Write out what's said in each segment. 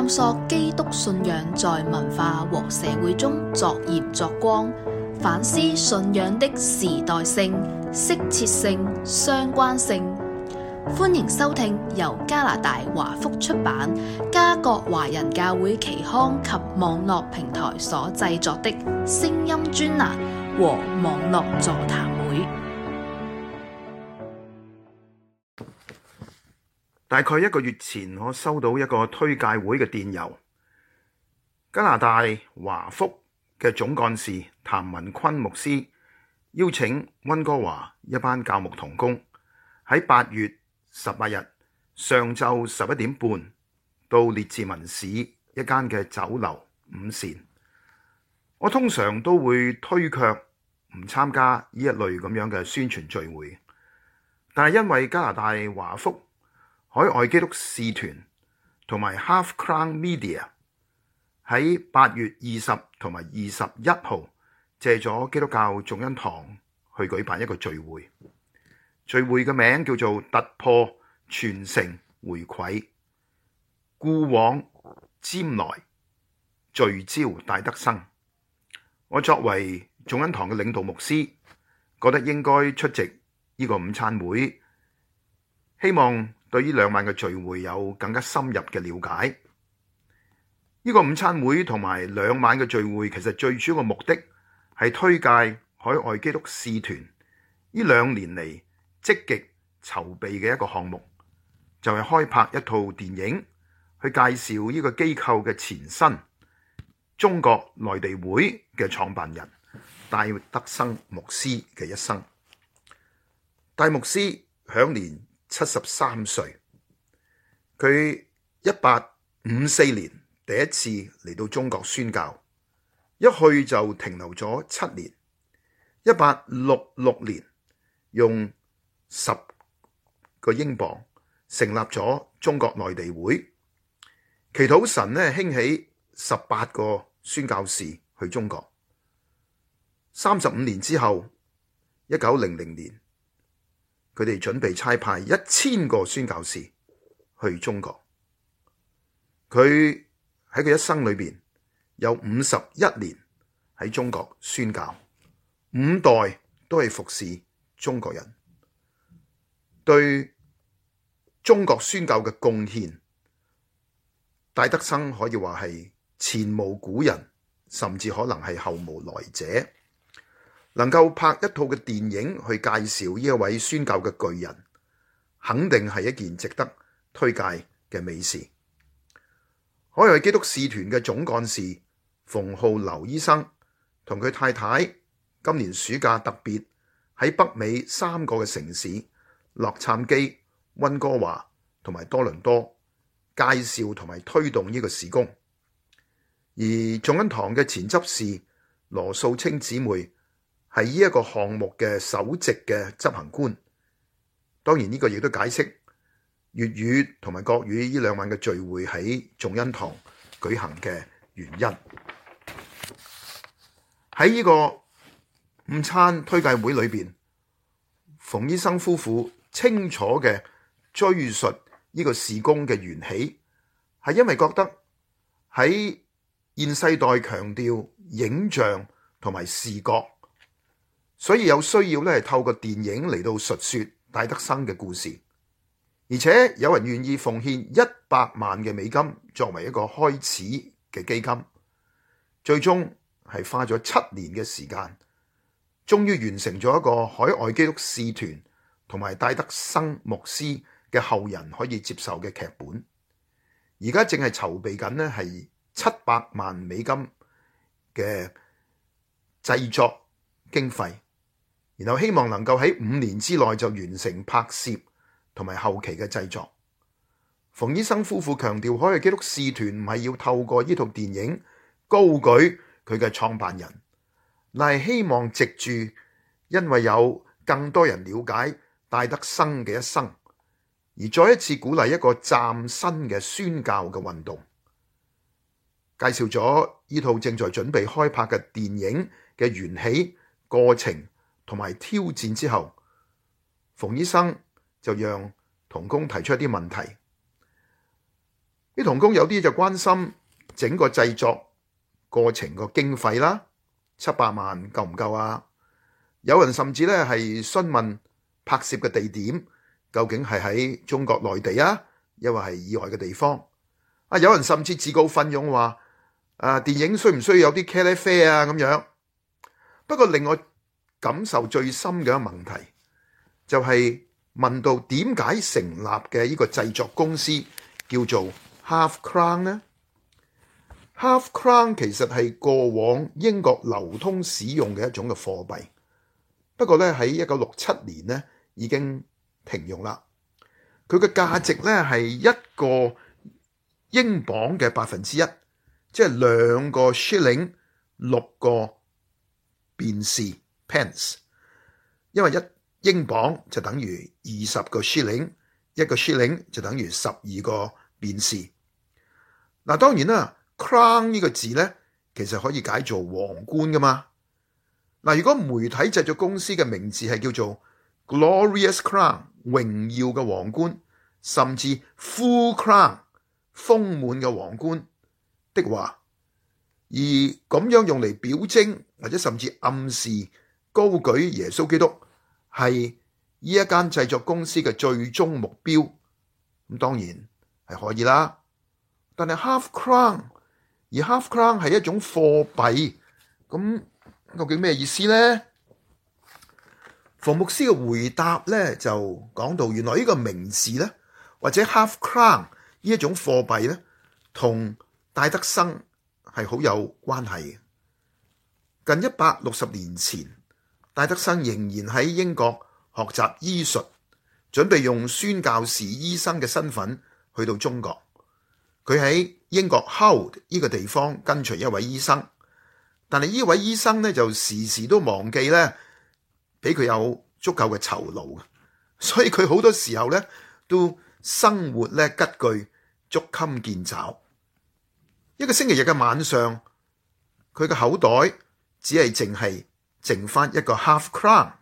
探索基督信仰在文化和社會中作鹽作光，反思信仰的時代性、適切性、相關性。歡迎收聽由加拿大華福出版、加國華人教會期刊及網絡平台所製作的聲音專欄和網絡座談會。大概一個月前，我收到一個推介會嘅電郵。加拿大華福嘅總幹事譚文坤牧師邀請溫哥華一班教牧同工喺八月十八日上晝十一點半到列治文市一間嘅酒樓午膳。我通常都會推卻唔參加呢一類咁樣嘅宣傳聚會，但係因為加拿大華福海外基督使團同埋 Half Crown Media 喺八月二十同埋二十一號借咗基督教眾恩堂去舉辦一個聚會，聚會嘅名叫做突破傳承回饋，故往瞻來聚焦戴德生。我作為眾恩堂嘅領導牧師，覺得應該出席呢個午餐會，希望對於兩晚嘅聚會有更加深入嘅了解。呢、這個午餐會同埋兩晚嘅聚會，其實最主要嘅目的係推介海外基督使團。呢兩年嚟積極籌備嘅一個項目，就係、是、開拍一套電影，去介紹呢個機構嘅前身——中國內地會嘅創辦人戴德生牧師嘅一生。戴牧師享年。七十三歲，佢一八五四年第一次嚟到中國宣教，一去就停留咗七年。一八六六年用十個英鎊成立咗中國內地會，祈禱神呢興起十八個宣教士去中國。三十五年之後，一九零零年。佢哋準備差派一千個宣教士去中國。佢喺佢一生裏面有五十一年喺中國宣教，五代都係服侍中國人，對中國宣教嘅貢獻，戴德生可以話係前無古人，甚至可能係後無來者。能夠拍一套嘅電影去介紹呢一位宣教嘅巨人，肯定係一件值得推介嘅美事。海外基督使團嘅總幹事馮浩鎏醫生，同佢太太今年暑假特別喺北美三個嘅城市洛杉磯、溫哥華同埋多倫多介紹同埋推動呢個事工。而眾恩堂嘅前執事羅素清姊妹。係呢一個項目嘅首席嘅執行官，當然呢個亦都解釋粵語同埋國語呢兩晚嘅聚會喺眾恩堂舉行嘅原因。喺呢個午餐推介會裏邊，馮醫生夫婦清楚嘅追述呢個事工嘅緣起，係因為覺得喺現世代強調影像同埋視覺。所以有需要咧，係透過電影嚟到述說戴德生嘅故事，而且有人願意奉獻一百萬嘅美金作為一個開始嘅基金，最終係花咗七年嘅時間，終於完成咗一個海外基督使團同埋戴德生牧師嘅後人可以接受嘅劇本。而家正係籌備緊呢係七百萬美金嘅製作經費。然後希望能夠喺五年之內就完成拍攝同埋後期嘅製作。馮醫生夫婦強調，海外基督使團唔係要透過呢套電影高舉佢嘅創辦人，但係希望藉住因為有更多人了解戴德生嘅一生，而再一次鼓勵一個嶄新嘅宣教嘅運動。介紹咗呢套正在準備開拍嘅電影嘅緣起過程。同埋挑戰之後，馮醫生就讓童工提出一啲問題。啲童工有啲就關心整個製作過程個經費啦，七百萬夠唔夠啊？有人甚至咧係詢問拍攝嘅地點究竟係喺中國內地啊，抑或係以外嘅地方？啊！有人甚至自告奮勇話：啊，電影需唔需要有啲茄喱啡啊？咁樣。不過另外……感受最深嘅一個問題，就係問到點解成立嘅呢個製作公司叫做 Half Crown 呢？Half Crown 其實係過往英國流通使用嘅一種嘅貨幣，不過咧喺一九六七年咧已經停用啦。佢嘅價值咧係一個英鎊嘅百分之一，即係兩個 shilling 六個便士。pence，因為一英鎊就等於二十個 shilling，一個 shilling 就等於十二個便士。嗱，當然啦，crown 呢個字呢，其實可以解做皇冠噶嘛。嗱，如果媒體製作公司嘅名字係叫做 glorious crown，榮耀嘅皇冠，甚至 full crown，豐滿嘅皇冠的話，而咁樣用嚟表徵或者甚至暗示。高舉耶穌基督係呢一間製作公司嘅最終目標，咁當然係可以啦。但係 half crown，而 half crown 係一種貨幣，咁究竟咩意思呢？馮牧師嘅回答咧就講到，原來呢個名字咧，或者 half crown 呢一種貨幣咧，同戴德生係好有關係嘅。近一百六十年前。戴德生仍然喺英國學習醫術，準備用宣教士醫生嘅身份去到中國。佢喺英國 Hold 呢個地方跟隨一位醫生，但係呢位醫生咧就時時都忘記咧俾佢有足夠嘅酬勞，所以佢好多時候咧都生活咧拮據，捉襟見肘。一個星期日嘅晚上，佢嘅口袋只係淨係，剩翻一個 half crown。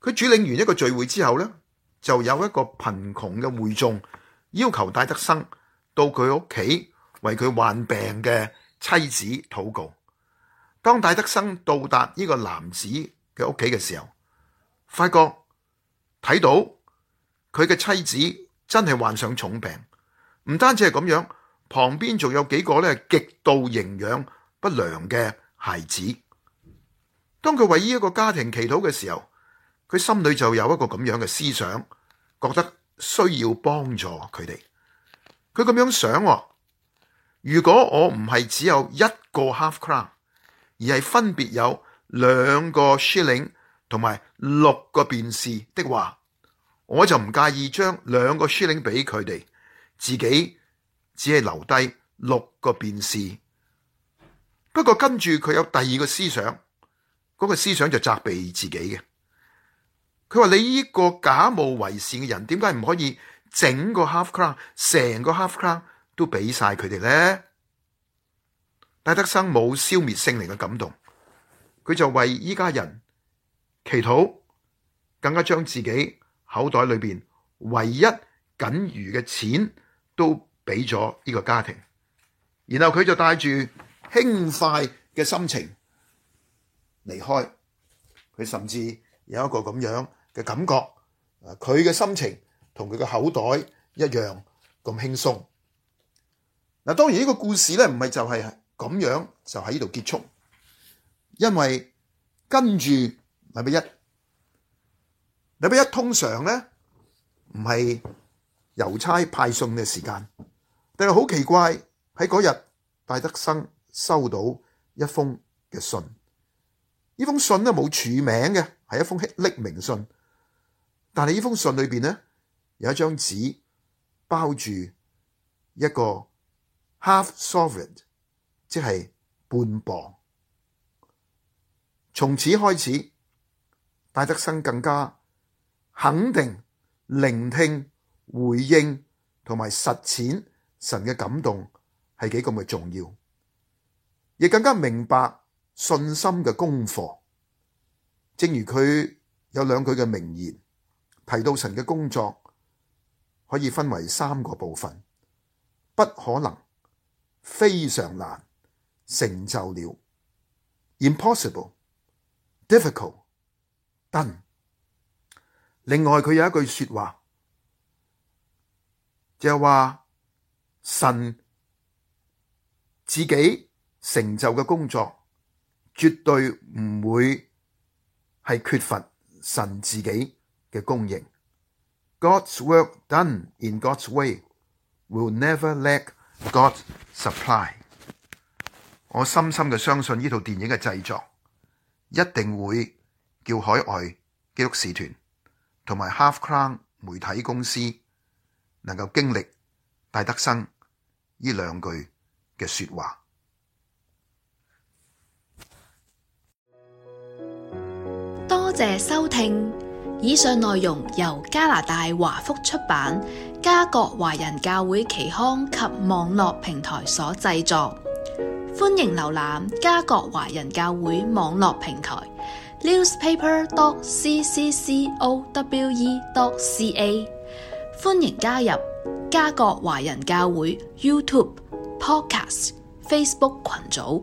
佢主領完一個聚會之後呢，就有一個貧窮嘅會眾要求戴德生到佢屋企為佢患病嘅妻子禱告。當戴德生到達呢個男子嘅屋企嘅時候，發覺睇到佢嘅妻子真係患上重病，唔單止係咁樣，旁邊仲有幾個咧極度營養不良嘅孩子。當佢為依一個家庭祈禱嘅時候，佢心裏就有一個咁樣嘅思想，覺得需要幫助佢哋。佢咁樣想、哦：如果我唔係只有一個 half crown，而係分別有兩個 shilling 同埋六個便士的話，我就唔介意將兩個 shilling 俾佢哋，自己只係留低六個便士。不過跟住佢有第二個思想。嗰個思想就責備自己嘅。佢話「你呢個假冒為善嘅人，點解唔可以整個 half crown，成個 half crown 都俾晒佢哋呢？」戴德生冇消滅聖靈嘅感動，佢就為依家人祈禱，更加將自己口袋裏邊唯一僅餘嘅錢都俾咗呢個家庭。然後佢就帶住輕快嘅心情。離開佢，甚至有一個咁樣嘅感覺。啊，佢嘅心情同佢嘅口袋一樣咁輕鬆。嗱，當然呢個故事咧，唔係就係咁樣就喺呢度結束，因為跟住禮拜一，禮拜一通常咧唔係郵差派送嘅時間，但係好奇怪喺嗰日戴德生收到一封嘅信。呢封信咧冇署名嘅，係一封匿名信。但係呢封信裏邊呢，有一張紙包住一個 half sovereign，即係半磅。從此開始，戴德生更加肯定聆聽回應同埋實踐神嘅感動係幾咁嘅重要，亦更加明白。信心嘅功課，正如佢有兩句嘅名言，提到神嘅工作可以分為三個部分：不可能，非常難，成就了。Impossible, difficult, done。另外佢有一句說話，就係話神自己成就嘅工作。絕對唔會係缺乏神自己嘅供應。God's work done in God's way will never lack God's supply。我深深嘅相信呢套電影嘅製作，一定會叫海外基督使團同埋 Half Crown 媒體公司能夠經歷戴德生呢兩句嘅說話。多謝，謝收聽，以上內容由加拿大華福出版加國華人教會期刊及網絡平台所製作。歡迎瀏覽加國華人教會網絡平台 newspaper.cccowe.ca。歡迎加入加國華人教會 YouTube、Podcast、Facebook 群組。